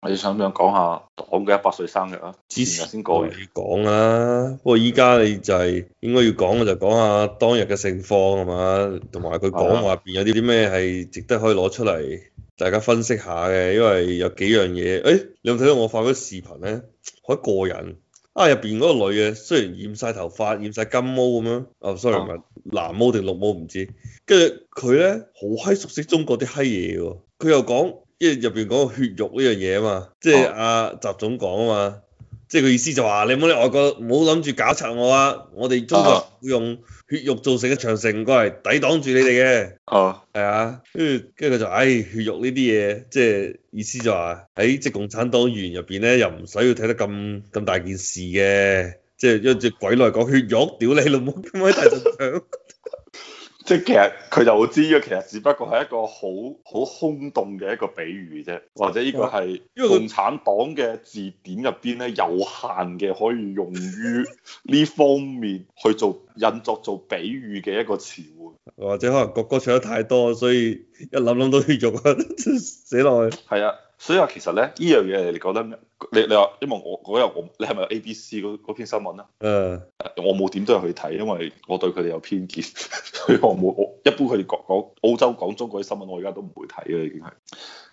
我你想唔想講下黨嘅一百歲生日事過啊？之前先過完，講啊，不過依家你就係應該要講嘅，就講下當日嘅盛況啊嘛，同埋佢講話入邊有啲啲咩係值得可以攞出嚟大家分析下嘅，因為有幾樣嘢。誒、欸，你有冇睇到我發嗰個視頻咧？好過人啊！入邊嗰個女嘅雖然染晒頭髮、染晒金毛咁樣，啊，sorry，唔、啊、藍毛定綠毛唔知。跟住佢咧好閪熟悉中國啲閪嘢喎，佢又講。即係入邊講血肉呢樣嘢啊嘛，即係阿習總講啊嘛，即係個意思就話你唔好你外國唔好諗住搞拆我啊，我哋中國會用血肉造成嘅長城過嚟抵擋住你哋嘅。哦，係啊，跟住跟住佢就唉血肉呢啲嘢，即係意思就話喺即係共產黨員入邊咧又唔使要睇得咁咁大件事嘅，即係一隻鬼來講血肉，屌你老母咁閪大陣。 即係其實佢就會知嘅，其實只不過係一個好好空洞嘅一個比喻啫，或者呢個係因為共產黨嘅字典入邊咧有限嘅可以用於呢方面去做引作做比喻嘅一個詞彙，或者可能哥哥唱得太多，所以一諗諗到血肉啊，寫落去。係啊。所以話其實咧，呢樣嘢你覺得你你話，因為我嗰日我有你係咪 A B C 嗰篇新聞咧？嗯、uh。我冇點都入去睇，因為我對佢哋有偏見，所以我冇我一般佢哋講澳講澳洲、講中國啲新聞我，我而家都唔會睇嘅已經係。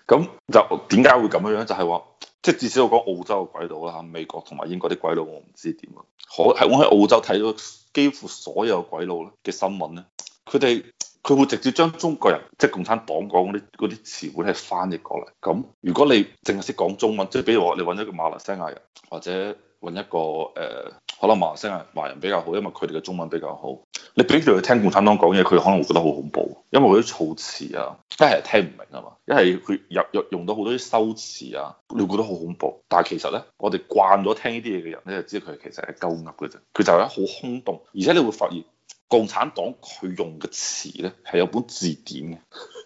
咁就點解會咁樣咧？就係、係、話，即係至少我講澳洲嘅鬼佬啦嚇，美國同埋英國啲鬼佬，我唔知點。可係我喺澳洲睇咗幾乎所有鬼佬嘅新聞咧，佢哋。佢會直接將中國人即係、就是、共產黨講嗰啲啲詞彙係翻譯過嚟。咁如果你淨係識講中文，即係比如話你揾一個馬來西亞人，或者揾一個誒、呃、可能馬來西亞華人比較好，因為佢哋嘅中文比較好。你俾佢聽共產黨講嘢，佢可能會覺得好恐怖，因為嗰啲措辭啊，真係聽唔明啊嘛，因為佢入入用到好多啲修辭啊，你會覺得好恐怖。但係其實咧，我哋慣咗聽呢啲嘢嘅人咧，你就知佢其實係鳩噏嘅啫，佢就係好空洞，而且你會發現。共產黨佢用嘅詞咧，係有本字典嘅，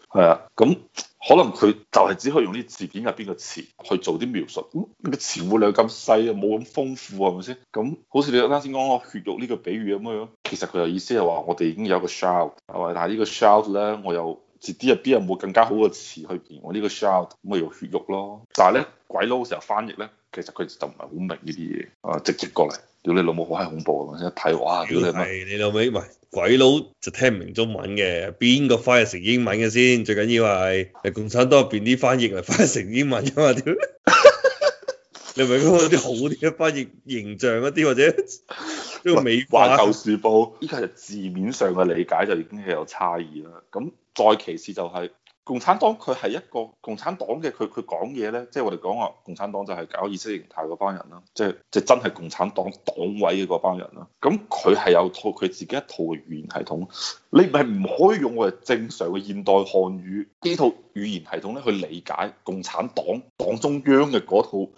係 啊，咁、嗯、可能佢就係只可以用啲字典入邊嘅詞去做啲描述，咁、嗯，這個詞彙量咁細啊，冇咁豐富係咪先？咁、嗯、好似你啱先講個血肉呢個比喻咁樣，其實佢嘅意思係話我哋已經有一個 shout，係咪？但係呢個 shout 咧，我又字典入邊有冇更加好嘅詞去形容呢個 shout？咁咪用血肉咯。但係咧，鬼佬成日翻譯咧。其實佢就唔係好明呢啲嘢，啊，直接過嚟，屌你老母好閪恐怖啊！一睇，哇，屌你媽、哎！你老味咪鬼佬就聽唔明中文嘅，邊個翻譯成英文嘅先？最緊要係，誒，共產黨入邊啲翻譯嚟翻譯成英文噶嘛？屌， 你咪講嗰啲好啲嘅翻譯形象一啲，或者呢個美化舊時報，依家就字面上嘅理解就已經係有差異啦。咁再其次就係、是。共產黨，佢係一個共產黨嘅，佢佢講嘢咧，即係我哋講話共產黨就係搞意識形態嗰班人啦，即係即係真係共產黨黨委嘅嗰班人啦。咁佢係有套佢自己一套嘅語言系統。你唔係唔可以用我哋正常嘅現代漢語呢套語言系統咧去理解共產黨黨中央嘅嗰套誒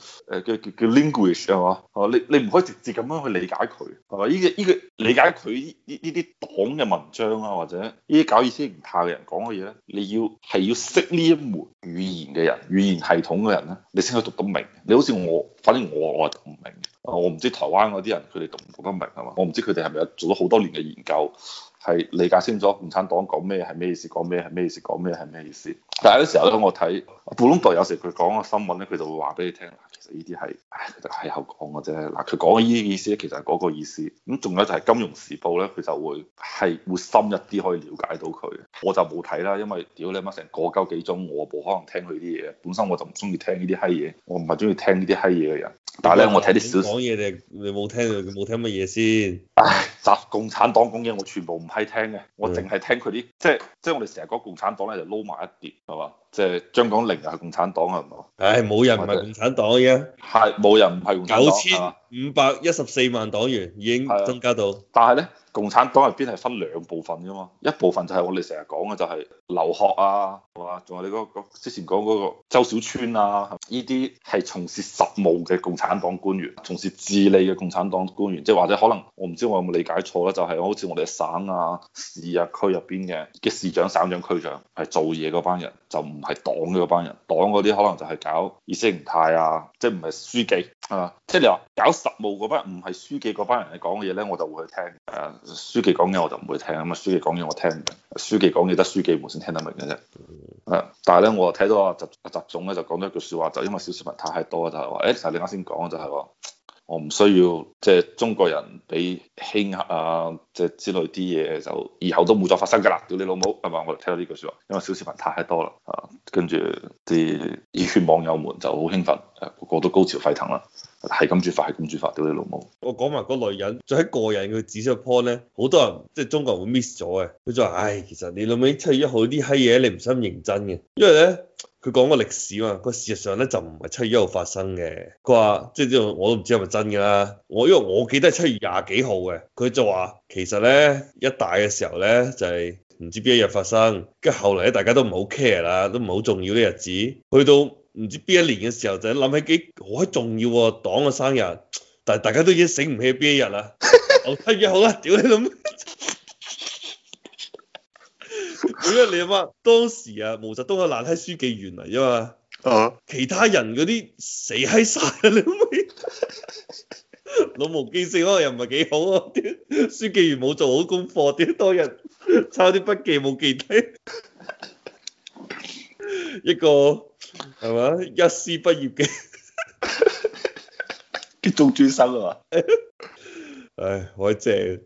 嘅叫嘅 language 啊嘛？哦，你你唔可以直接咁樣去理解佢，係咪？呢個依個理解佢呢依啲黨嘅文章啊，或者呢啲搞意識形態嘅人講嘅嘢咧，你要係要識呢一門語言嘅人、語言系統嘅人咧，你先可以讀得明。你好似我，反正我我讀唔明，我唔知台灣嗰啲人佢哋讀唔讀得明，係嘛？我唔知佢哋係咪有做咗好多年嘅研究。係理解清楚共產黨講咩係咩意思，講咩係咩意思，講咩係咩意思。但係有時候咧，我睇布隆代有時佢講個新聞咧，佢就會話俾你聽，其實呢啲係係後講嘅啫。嗱，佢講呢啲意思咧，其實係嗰個意思。咁仲有就係《金融時報》呢咧，佢就會係會深入啲可以了解到佢。我就冇睇啦，因為屌你乜成個鳩幾鐘，我冇可能聽佢啲嘢。本身我就唔中意聽呢啲閪嘢，我唔係中意聽呢啲閪嘢嘅人。但係咧，我睇啲小講嘢嘅，你冇聽佢冇聽乜嘢先？唉。集共產黨講嘢，我全部唔係聽嘅，我淨係聽佢啲，是的 即係即係我哋成日講共產黨咧就撈埋一碟，係嘛？即係張廣寧係共產黨係唔係？唉，冇人唔係共產黨嘅。係冇人唔係共產黨。九千五百一十四萬黨員已經增加到。但係咧，共產黨入邊係分兩部分㗎嘛，一部分就係我哋成日講嘅就係劉鶴啊，係嘛、那個？仲有你嗰之前講嗰、那個周小川啊，呢啲係從事實務嘅共產黨官員，從事治理嘅共產黨官員，即、就、係、是、或者可能我唔知我有冇理解錯啦，就係、是、好似我哋省啊、市啊、區入邊嘅嘅市長、省長、區長係做嘢嗰班人就唔。唔係黨嘅嗰班人，黨嗰啲可能就係搞意識形態啊，即係唔係書記啊，即係、就是、你話搞實務嗰班，唔係書記嗰班人嚟講嘅嘢咧，我就會去聽。書記講嘢我就唔會聽啊嘛，書記講嘢我聽唔明，書記講嘢得書記們先聽得明嘅啫。啊，但係咧，我睇到阿習阿習總咧就講咗一句説話，就因為小市民太，太多，就係話，誒就係你啱先講嘅，就係、是、話。我唔需要即係中國人俾欺壓啊，即係之類啲嘢，就以後都冇再發生㗎啦！屌你老母，係咪，我哋聽到呢句説話，因為小視頻太多啦，啊，跟住啲熱血網友們就好興奮，個個都高潮沸騰啦。係咁主法，係咁主法，屌你老母！我講埋個女人，就喺個人嘅指數 point 咧，好多人即係、就是、中國人會 miss 咗嘅。佢就話：唉，其實你老味七月一號啲閪嘢，你唔使咁認真嘅。因為咧，佢講個歷史嘛，個事實上咧就唔係七月一號發生嘅。佢話即係即係，我都唔知係咪真噶。我因為我記得係七月廿幾號嘅。佢就話其實咧，一大嘅時候咧就係、是、唔知邊一日發生，跟住後嚟大家都唔好 care 啦，都唔好重要嘅日子，去到。唔知邊一年嘅時候就諗起幾好重要黨、啊、嘅生日，但係大家都已經醒唔起邊一日啦。好啦、啊，好啦，屌 你老母！因為你諗，當時啊，毛澤東係爛閪書記員嚟啫嘛。其他人嗰啲死閪晒，你老母。老毛記性啊，又唔係幾好啊！屌，書記員冇做好功課，屌多人抄啲筆記冇記低， 一個。係嘛，一絲不業嘅、 哎，啲中專生啊嘛，唉，好正，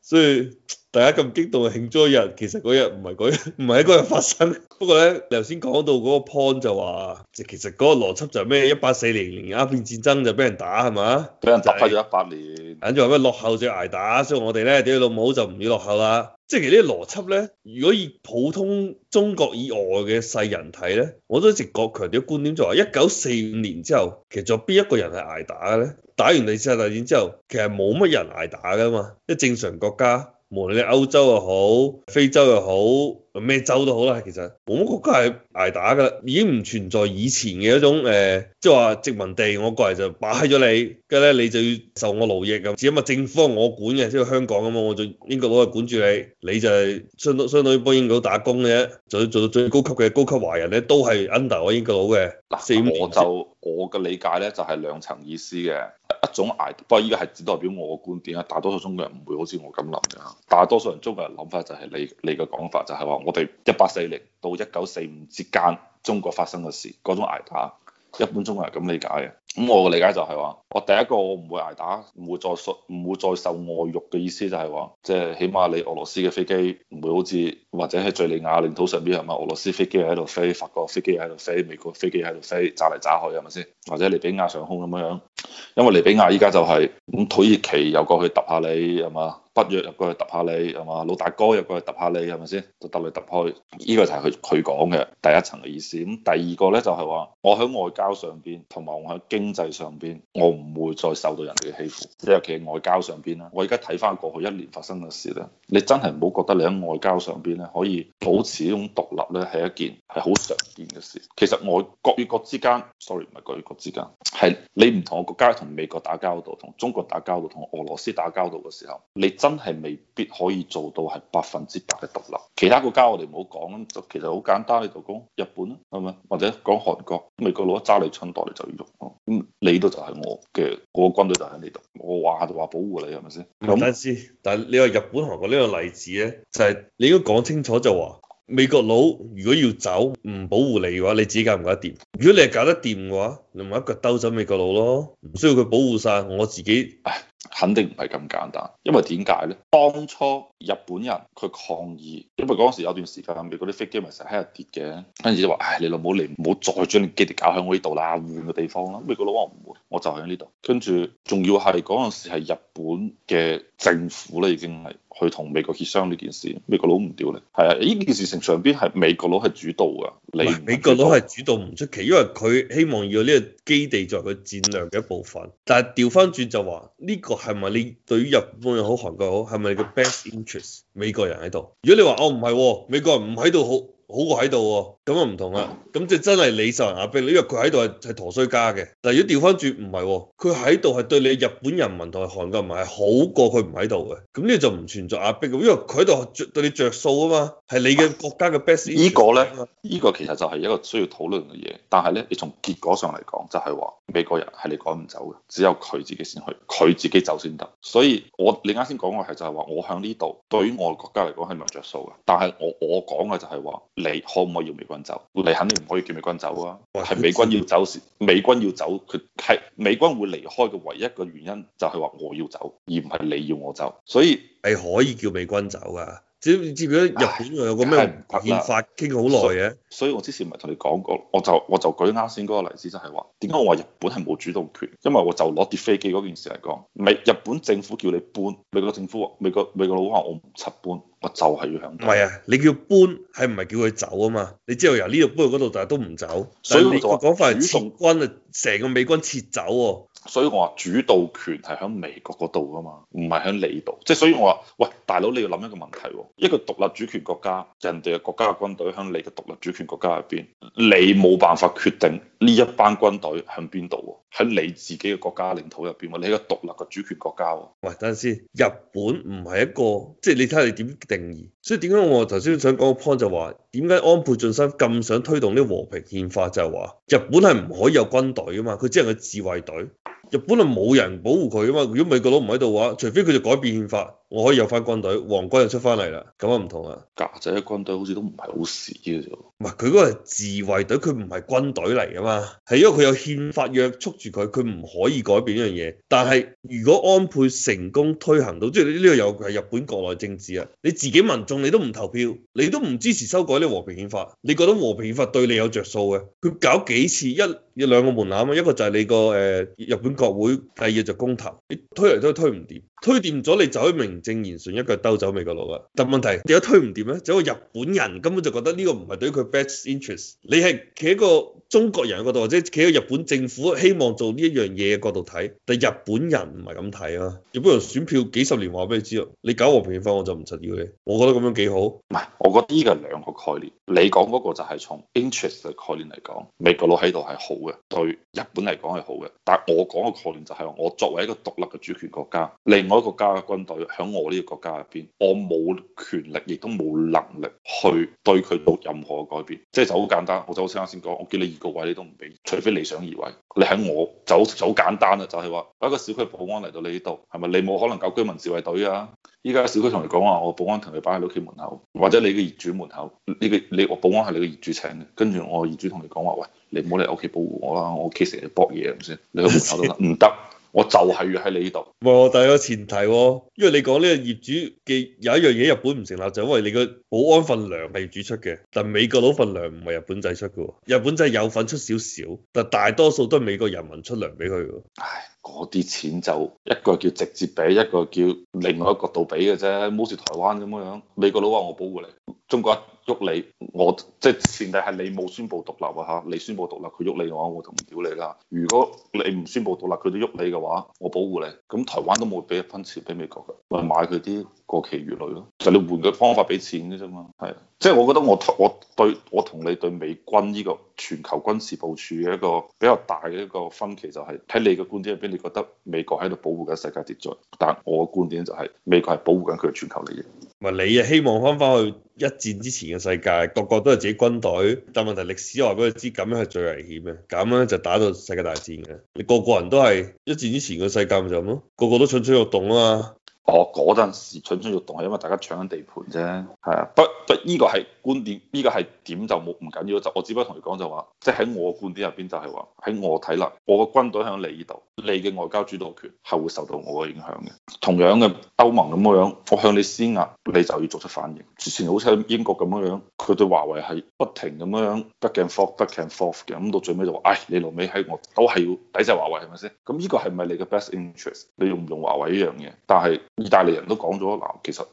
所以。大家咁激動慶祝日，其實嗰日唔係嗰日，唔係喺日發生。 不過咧，頭先講到嗰個 point 就話，即其實嗰個邏輯就係咩？一八四零年鴉片戰爭就俾人打係嘛？俾人打咗一百年，等住話咩落後就挨打，所以我哋咧屌老母就唔要落後啦。即係其實啲邏輯咧，如果以普通中國以外嘅世人睇咧，我都直覺強調觀點就係一九四五年之後，其實有邊一個人係挨打嘅咧？打完第二次大戰之後，其實冇乜人挨打噶嘛，即正常國家。無論你歐洲又好，非洲又好，咩洲都好啦。其實，我們國家係挨打噶啦，已經唔存在以前嘅一種誒、呃，即係話殖民地，我過嚟就擺咗你，跟住咧你就要受我奴役咁。只因為政府我管嘅，即係香港咁啊，我就英國佬係管住你，你就係相相當於幫英國佬打工嘅啫。仲要做到最高級嘅高級華人咧，都係 under 我英國佬嘅。嗱，四我就我嘅理解咧，就係兩層意思嘅。一種挨打，不過依家係只代表我嘅觀點啊。大多數中國人唔會好似我咁諗嘅，大多數人中國人諗法就係你你嘅講法就，就係話我哋一八四零到一九四五之間中國發生嘅事，嗰種挨打，一般中國人咁理解嘅。咁我個理解就係話，我第一個我唔會挨打，唔會再受，唔會再受外辱嘅意思就係話，即係起碼你俄羅斯嘅飛機唔會好似或者喺敘利亞領土上邊係嘛，俄羅斯飛機喺度飛，法國飛機喺度飛，美國飛機喺度飛，炸嚟炸去係咪先？或者利比亞上空咁樣，因為利比亞依家就係咁，土耳其又過去揼下你係嘛，北約又過去揼下你係嘛，老大哥又過去揼下你係咪先？就揼嚟揼去，呢個就係佢佢講嘅第一層嘅意思。咁第二個呢，就係話，我喺外交上邊同埋我喺經經濟上邊，我唔會再受到人哋嘅欺負。即係其實外交上邊咧，我而家睇翻過去一年發生嘅事咧，你真係唔好覺得你喺外交上邊咧可以保持呢種獨立咧係一件係好常見嘅事。其實外國與國之間，sorry 唔係國與國之間，係你唔同嘅國家同美國打交道、同中國打交道、同俄羅斯打交道嘅時候，你真係未必可以做到係百分之百嘅獨立。其他國家我哋唔好講啦，就其實好簡單，你就講日本啦，係咪？或者講韓國，美國佬一揸你春袋，你就喐。你都就係我嘅，個軍隊就喺你度，我話就話保護你，係咪先？唔但係，但係你話日本韓國呢個例子咧，就係、是、你應該講清楚就，就話美國佬如果要走唔保護你嘅話，你自己搞唔搞得掂？如果你係搞得掂嘅話，你咪一腳兜走美國佬咯，唔需要佢保護晒，我自己。唉肯定唔係咁簡單，因為點解咧？當初日本人佢抗議，因為嗰時有段時間美國啲飛機咪成日喺度跌嘅，跟住就話，唉、哎，你老母，你唔好再將基地搞喺我呢度啦，換個地方啦。美國佬話唔會，我就喺呢度。跟住仲要係嗰陣時係日本嘅政府咧，已經係去同美國協商呢件事。美國佬唔屌你，係啊！呢件事情上邊係美國佬係主導嘅，你美國佬係主導唔出奇，因為佢希望要呢個基地作為佢戰略嘅一部分。但係調翻轉就話呢個。係咪你對於日本又好，韓國又好？係咪你嘅 best interest 美國人喺度？如果你話哦唔係喎，美國人唔喺度好。好過喺度、哦，咁啊唔同啦，咁即係真係你受人壓迫啦，因為佢喺度係係陀衰家嘅。但如果調翻轉唔係，佢喺度係對你日本人民同埋韓國人民係好過佢唔喺度嘅，咁呢就唔存在壓迫嘅，因為佢喺度著對你着數啊嘛，係你嘅國家嘅 best、啊。依、這個咧，呢、這個其實就係一個需要討論嘅嘢，但係咧，你從結果上嚟講就係、是、話美國人係你趕唔走嘅，只有佢自己先去，佢自己走先得。所以我你啱先講嘅係就係、是、話，我響呢度對於我嘅國家嚟講係咪着數嘅，但係我我講嘅就係話。你可唔可以叫美軍走？你肯定唔可以叫美軍走啊！係哇美軍要走時，美軍要走，佢係美軍會離開嘅唯一嘅原因就係話我要走，而唔係你要我走。所以你可以叫美軍走啊。你知唔知日本有個咩憲法傾好耐嘅？所以我之前咪同你講過，我就我就舉啱先嗰個例子，就係話點解我話日本係冇主動權，因為我就攞啲飛機嗰件事嚟講，美日本政府叫你搬，美國政府話美國美國佬話我唔拆搬，我就係要喺度。唔係啊，你叫搬係唔係叫佢走啊嘛？你之後由呢度搬去嗰度，但係都唔走。所以你個講法係撤軍啊，成個美軍撤走喎、啊。所以我話主導權係喺美國嗰度啊嘛，唔係喺你度。即係所以我話喂大佬，你要諗一個問題，一個獨立主權國家，人哋嘅國家嘅軍隊喺你嘅獨立主權國家入邊，你冇辦法決定呢一班軍隊喺邊度喺你自己嘅國家領土入邊喎。你一個獨立嘅主權國家喎。喂，等陣先，日本唔係一個即係、就是、你睇下你點定義。所以點解我頭先想講嘅 point 就話點解安倍晉三咁想推動啲和平憲法就係、是、話日本係唔可以有軍隊啊嘛，佢只係個自衛隊。日本就冇人保護佢啊嘛，如果美國佬唔喺度嘅話，除非佢就改變憲法。我可以有翻軍隊，皇軍又出翻嚟啦，咁啊唔同啊。架仔嘅軍隊好似都唔係好屎嘅啫。唔係，佢嗰個係自衛隊，佢唔係軍隊嚟噶嘛，係因為佢有憲法約束住佢，佢唔可以改變呢樣嘢。但係如果安倍成功推行到，即係呢個又係日本國內政治啊。你自己民眾你都唔投票，你都唔支持修改呢個和平憲法，你覺得和平憲法對你有着數嘅？佢搞幾次一有兩個門檻啊，一個就係你個誒日本國會，第二日就公投，你推嚟推去推唔掂。推掂咗你就可以名正言順一腳兜走美國佬啊。但問題點解推唔掂咧？就個日本人根本就覺得呢個唔係對佢 best interest。你係企喺個。中國人嗰度，或者企喺日本政府希望做呢一樣嘢嘅角度睇，但日本人唔係咁睇啊！日本人選票幾十年話俾你知啊，你搞和平分我就唔執要你。我覺得咁樣幾好。唔係，我覺得呢個係兩個概念。你講嗰個就係從 interest 嘅概念嚟講，美國佬喺度係好嘅，對日本嚟講係好嘅。但係我講嘅概念就係我作為一個獨立嘅主權國家，另外一個國家嘅軍隊喺我呢個國家入邊，我冇權力，亦都冇能力去對佢做任何改變。即係就好簡單，我就好似啱先講，我叫你個位你都唔俾，除非你想移位。你喺我就就好簡單啦，就係話一個小區保安嚟到你呢度，係咪？你冇可能搞居民自衞隊啊？依家小區同你講話，我保安同你擺喺你屋企門口，或者你嘅業主門口，呢個你我保安係你嘅業主請嘅，跟住我業主同你講話，喂，你唔好嚟屋企保護我啦，我屋企成日搏嘢，咁先？你喺門口都得，唔得？我就係要喺你呢度，唔係、哦，但係有前提、哦，因為你講呢個業主嘅有一樣嘢日本唔成立就因、是、為你個保安份糧係業主出嘅，但美國佬份糧唔係日本仔出嘅，日本仔有份出少少，但大多數都係美國人民出糧俾佢。唉嗰啲錢就一個叫直接俾，一個叫另外一個角度俾嘅啫，好似台灣咁樣，美國佬話我保護你，中國一喐你，我即係前提係你冇宣布獨立啊嚇，你宣布獨立佢喐你嘅話，我就唔屌你啦。如果你唔宣布獨立，佢都喐你嘅話，我保護你，咁台灣都冇俾一分錢俾美國嘅，咪買佢啲過期魚類咯。就你換個方法俾錢啫嘛，係，即係我覺得我我對我同你對美軍呢個全球軍事部署嘅一個比較大嘅一個分歧就係，睇你嘅觀點入邊，你覺得美國喺度保護緊世界秩序，但係我嘅觀點就係美國係保護緊佢嘅全球利益。唔係你啊，希望返返去一戰之前嘅世界，個個都係自己軍隊，但問題歷史話俾你知，咁樣係最危險嘅，咁樣就打到世界大戰嘅，你個個人都係一戰之前嘅世界咪就咁咯，個個都蠢蠢欲動啊嘛。我嗰陣時蠢蠢欲動係因為大家搶緊地盤啫，係啊的，不不呢個係。觀點呢家係點就冇唔緊要，就我只不過同你講就話，即係喺我觀點入邊就係話，喺我睇啦，我嘅軍隊響你度，你嘅外交主導權係會受到我嘅影響嘅。同樣嘅歐盟咁嘅樣，我向你施壓，你就要作出反應。之前好似喺英國咁嘅樣，佢對華為係不停咁樣 back and forth back and forth 嘅，咁到最尾就話，唉、哎，你老尾喺我都係要抵制華為係咪先？咁依個係咪你嘅 best interest？你用唔用華為依樣嘢？但係意大利人都講咗嗱，其實。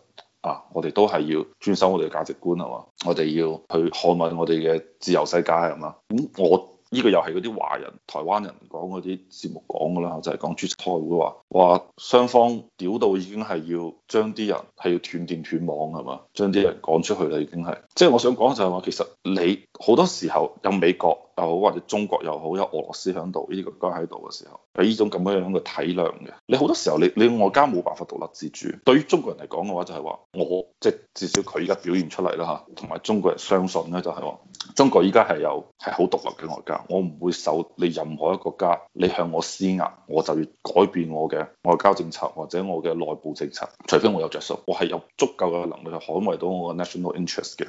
啊！我哋都係要遵守我哋嘅價值觀係嘛，我哋要去捍衞我哋嘅自由世界係嘛？咁、嗯、我呢、這個又係嗰啲華人、台灣人講嗰啲節目講噶啦，就係、是、講絕賽會話話雙方屌到已經係要將啲人係要斷電斷網係嘛，將啲人趕出去啦已經係。即係我想講就係、是、話，其實你。好多時候有美國又好，或者中國又好，有俄羅斯喺度呢啲國家喺度嘅時候，係呢種咁樣樣嘅體諒嘅。你好多時候你你外交冇辦法獨立自主。對於中國人嚟講嘅話就係話我，即至少佢依家表現出嚟啦，嚇，同埋中國人相信咧就係話中國依家係有係好獨立嘅外交，我唔會受你任何一個國家你向我施壓我就要改變我嘅外交政策或者我嘅內部政策，除非我有著數，我係有足夠嘅能力去捍衛到我嘅 national interest 嘅。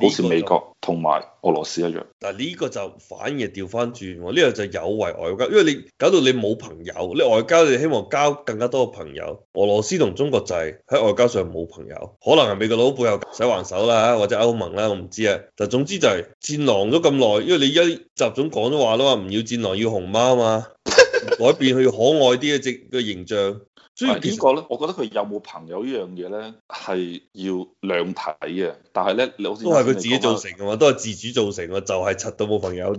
好似美國同埋俄羅斯一樣，嗱呢個就反而調翻轉，呢個就有違外交，因為你搞到你冇朋友，你外交你希望交更加多嘅朋友。俄羅斯同中國就係喺外交上冇朋友，可能係美國佬背後使橫手啦，或者歐盟啦，我唔知啊。但總之就係戰狼咗咁耐，因為你一習總講咗話咯嘛，唔要戰狼，要熊貓嘛。改變佢可愛啲嘅一隻嘅形象，所以點講咧？我覺得佢有冇朋友樣呢樣嘢咧，係要量體嘅。但係咧，都係佢自己造成嘅嘛， 都係自主造成嘅。就係柒到冇朋友。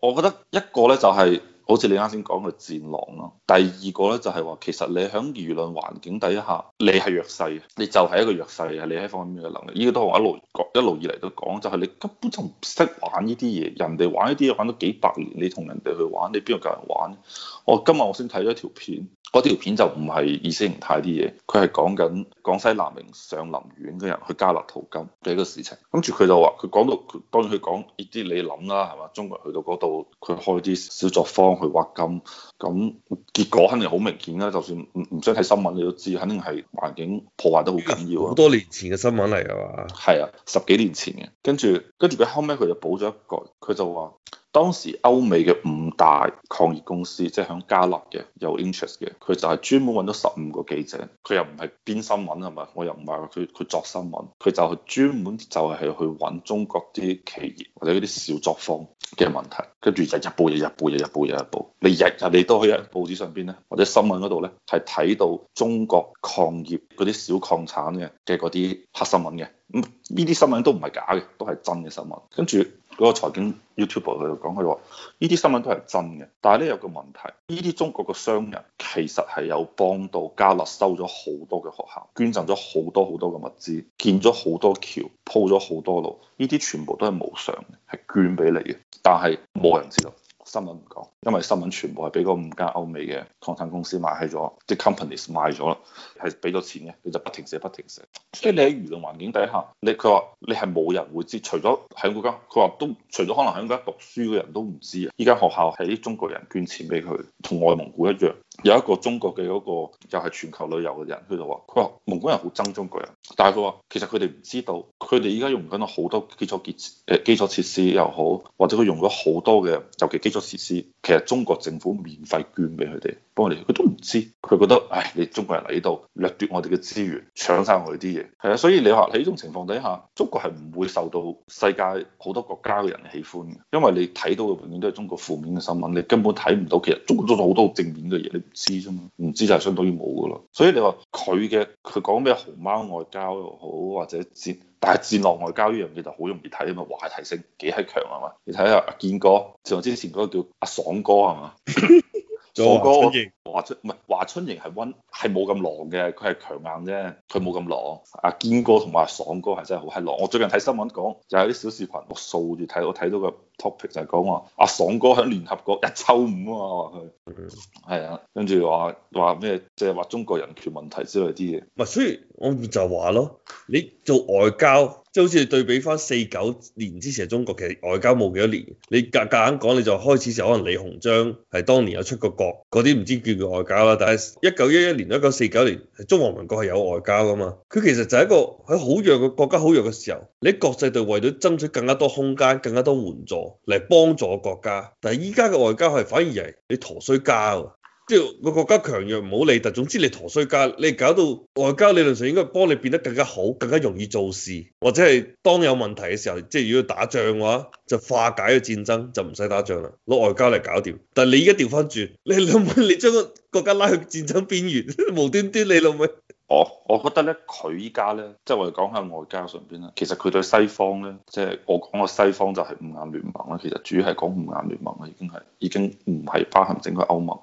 我 我覺得一個咧就係、是。好似你啱先講嘅戰狼咯。第二個咧就係話，其實你喺輿論環境底下，你係弱勢嘅，你就係一個弱勢嘅。你喺方面嘅能力，呢個都係我一路講一路以嚟都講，就係、是、你根本就唔識玩呢啲嘢。人哋玩呢啲嘢玩咗幾百年，你同人哋去玩，你邊度夠人玩？我今日我先睇咗一條片，嗰條片就唔係意識形態啲嘢，佢係講緊廣西南寧上林縣嘅人去加納淘金嘅一個事情，跟住佢就話，佢講到，當然佢講呢啲你諗啦，係嘛？中國去到嗰度，佢開啲小作坊去挖金，咁結果肯定好明顯啦，就算唔唔想睇新聞你都知，肯定係環境破壞得好緊要。好多年前嘅新聞嚟㗎嘛，係啊，十幾年前嘅，跟住跟住佢後尾，佢就補咗一句，佢就話。當時歐美嘅五大礦業公司，即係響加勒嘅有 interest 嘅，佢就係專門揾咗十五個記者，佢又唔係編新聞啊嘛，我又唔係話佢佢作新聞，佢就係專門就係去揾中國啲企業或者嗰啲小作坊嘅問題，跟住日日報日日報日日報日日報。你日日你都可以喺報紙上邊咧，或者新聞嗰度咧，係睇到中國礦業嗰啲小礦產嘅嘅嗰啲黑新聞嘅，咁呢啲新聞都唔係假嘅，都係真嘅新聞，跟住。嗰個財經 YouTuber 佢就講佢話，呢啲新聞都係真嘅，但係咧有個問題，呢啲中國嘅商人其實係有幫到加勒收咗好多嘅學校，捐贈咗好多好多嘅物資，建咗好多橋，鋪咗好多路，呢啲全部都係無償嘅，係捐俾你嘅，但係冇人知道。新聞唔講，因為新聞全部係俾嗰五間歐美嘅礦產公司買起咗，即啲 companies 買咗，係俾咗錢嘅，佢就不停寫不停寫。即係你喺輿論環境底下，你佢話你係冇人會知，除咗喺嗰間，佢話都除咗可能喺嗰間讀書嘅人都唔知啊。依間學校係啲中國人捐錢俾佢，同外蒙古一樣，有一個中國嘅嗰、那個又係、就是、全球旅遊嘅人，佢就話，佢話蒙古人好憎中國人，但係佢話其實佢哋唔知道，佢哋依家用緊好多基礎結設施又好，或者佢用咗好多嘅尤其基設施其實中國政府免費捐俾佢哋，幫我哋，佢都唔知，佢覺得，唉，你中國人嚟呢度掠奪我哋嘅資源，搶晒我哋啲嘢。係啊，所以你話喺呢種情況底下，中國係唔會受到世界好多國家嘅人喜歡嘅，因為你睇到嘅永遠都係中國負面嘅新聞，你根本睇唔到其實中國做咗好多很正面嘅嘢，你唔知啫嘛，唔知就係相當於冇噶啦，所以你話佢嘅佢講咩熊貓外交又好或者。但係戰狼外交呢樣嘢就好容易睇啊嘛華，話題性幾閪強啊嘛，你睇下阿堅哥，仲有之前嗰個叫阿爽哥啊嘛，爽哥華春唔係華春瑩係温係冇咁狼嘅，佢係強硬啫，佢冇咁狼。阿、啊、堅哥同埋阿爽哥係真係好係狼。我最近睇新聞講，就有啲小視頻，我掃住睇，我睇到個。topic 就係講話、啊、阿爽哥喺聯合國日週五啊嘛，佢係啊，跟住話話咩，即係話中國人權問題之類啲嘢。唔係，所以我就話咯，你做外交，即係好似你對比翻四九年之前嘅中國，其實外交冇幾多年。你夾硬講，你就開始就可能李鴻章係當年有出過國，嗰啲唔知叫唔叫外交啦。但係一九一一年、一九四九年，中華民國係有外交噶嘛？佢其實就係一個喺好弱嘅國家、好弱嘅時候，你國際度為咗爭取更加多空間、更加多援助。嚟幫助國家，但係依家嘅外交係反而係你陀衰家。即係個國家強弱唔好理，但總之你陀衰家，你搞到外交理論上應該幫你變得更加好、更加容易做事，或者係當有問題嘅時候，即係如果打仗嘅話，就化解咗戰爭，就唔使打仗啦，攞外交嚟搞掂。但係你而家調翻轉，你老母你將個國家拉去戰爭邊緣，無端端你老母。我、哦、我覺得咧，佢依家咧，即係我哋講下外交上邊啦。其實佢對西方咧，即係我講個西方就係五眼聯盟啦。其實主要係講五眼聯盟啦，已經係已經唔係包含整個歐盟。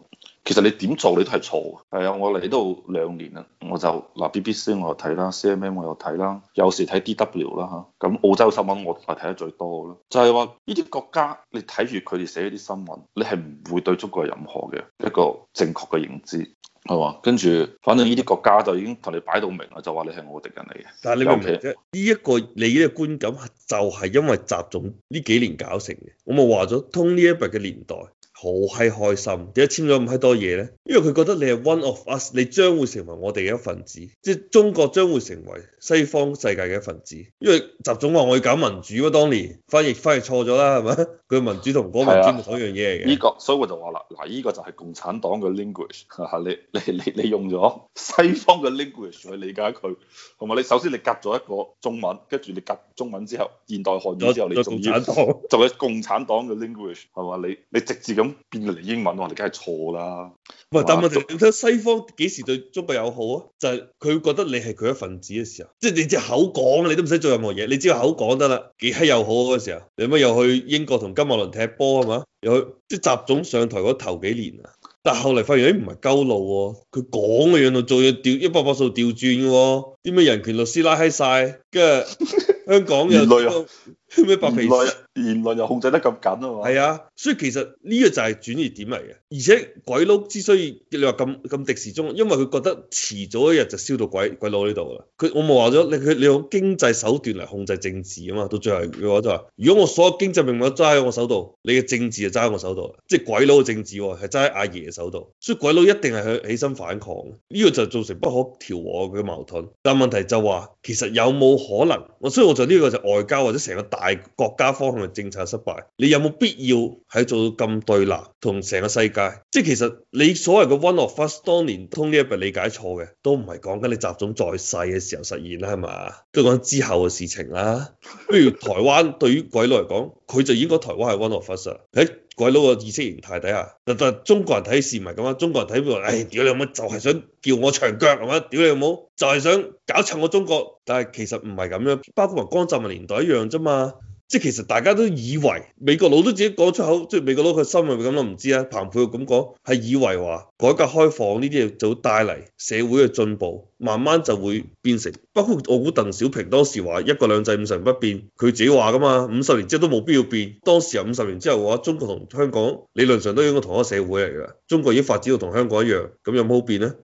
其實你點做你都係錯嘅，係啊，我嚟呢度兩年啦，我就嗱 BBC 我又睇啦，CMM 我又睇啦，有時睇 DW 啦吓，咁澳洲新聞我係睇得最多咯，就係話呢啲國家你睇住佢哋寫啲新聞，你係唔會對中國任何嘅一個正確嘅認知，係嘛？跟住反正呢啲國家就已經同你擺到明啦，就話你係我嘅敵人嚟嘅，但你尤其呢一、這個你嘅觀感就係因為習總呢幾年搞成嘅，我咪話咗通呢一輩嘅年代。好閪開心，點解簽咗咁閪多嘢咧？因為佢覺得你係 one of us，你將會成為我哋嘅一份子，即係中國將會成為西方世界嘅一份子。因為習總話我要搞民主喎、啊，當年翻譯翻譯錯咗啦，係咪？佢民主同嗰咪專一樣嘢嚟嘅，呢、呢個所以我就話啦，嗱、呢、呢個就係共產黨嘅 language，你你你你用咗西方嘅 language 去理解佢，同埋你首先你夾咗一個中文，跟住你夾中文之後現代漢語之後，你仲要就係共產黨嘅 language，係咪？你你直接咁變嚟英文，我哋梗係錯啦。唔哇但問題中你睇西方幾時對中國友好啊？就係、是、佢覺得你係佢一份子嘅時候，即、就、係、是、你只口講，你都唔使做任何嘢，你只話口講得啦，幾嗨又好嗰個時候，你咪又去英國同金馬倫踢波啊嘛？又去即係習總上台嗰頭幾年、哎、啊，但係後嚟發現哎唔係鳩路喎，佢講嘅樣同做嘅調一百八十度調轉喎，啲咩、啊、人權律師拉閪晒，跟住香港又。 白皮，原來又控制得咁緊啊嘛，係啊，啊所以其實呢個就係轉移點嚟嘅，而且鬼佬之所以你話咁咁敵視中，因為佢覺得遲早一日就燒到鬼鬼佬呢度噶啦，佢我咪話咗，你佢你用經濟手段嚟控制政治啊嘛，到最後佢話就話，如果我所有經濟命脈都揸喺我手度，你嘅政治就揸喺我手度，即係鬼佬嘅政治係揸喺阿爺嘅手度，所以鬼佬一定係起起身反抗，呢個就造成不可調和嘅矛盾。但係問題就話，其實有冇可能？我所以我就呢個就外交或者成個係國家方向嘅政策失敗，你有冇必要喺做到咁對立同成個世界？即係其實你所謂嘅 One of Us 當年通呢一筆理解錯嘅，都唔係講緊你習總在世嘅時候實現啦，係嘛？都講之後嘅事情啦。不如台灣對於鬼佬嚟講，佢就應該台灣係 One of Us 啦。鬼佬個意識形態底下，但就中國人睇事唔係咁啊！中國人睇邊個？唉、哎，屌你老母，就係、是、想撬我牆角係嘛？屌你老母，就係、是、想搞臭我中國，但係其實唔係咁樣，包括埋江澤民年代一樣啫嘛。即係其實大家都以為美國佬都自己講出口，即係美國佬佢心入面咁都唔知啊。彭佩洛咁講係以為話改革開放呢啲嘢就會帶嚟社會嘅進步，慢慢就會變成。包括我估鄧小平當時話一國兩制五十年不變，佢自己話噶嘛，五十年之後都冇必要變。當時有五十年之後嘅話，中國同香港理論上都應該同一個社會嚟噶，中國已經發展到同香港一樣，咁有冇好變呢？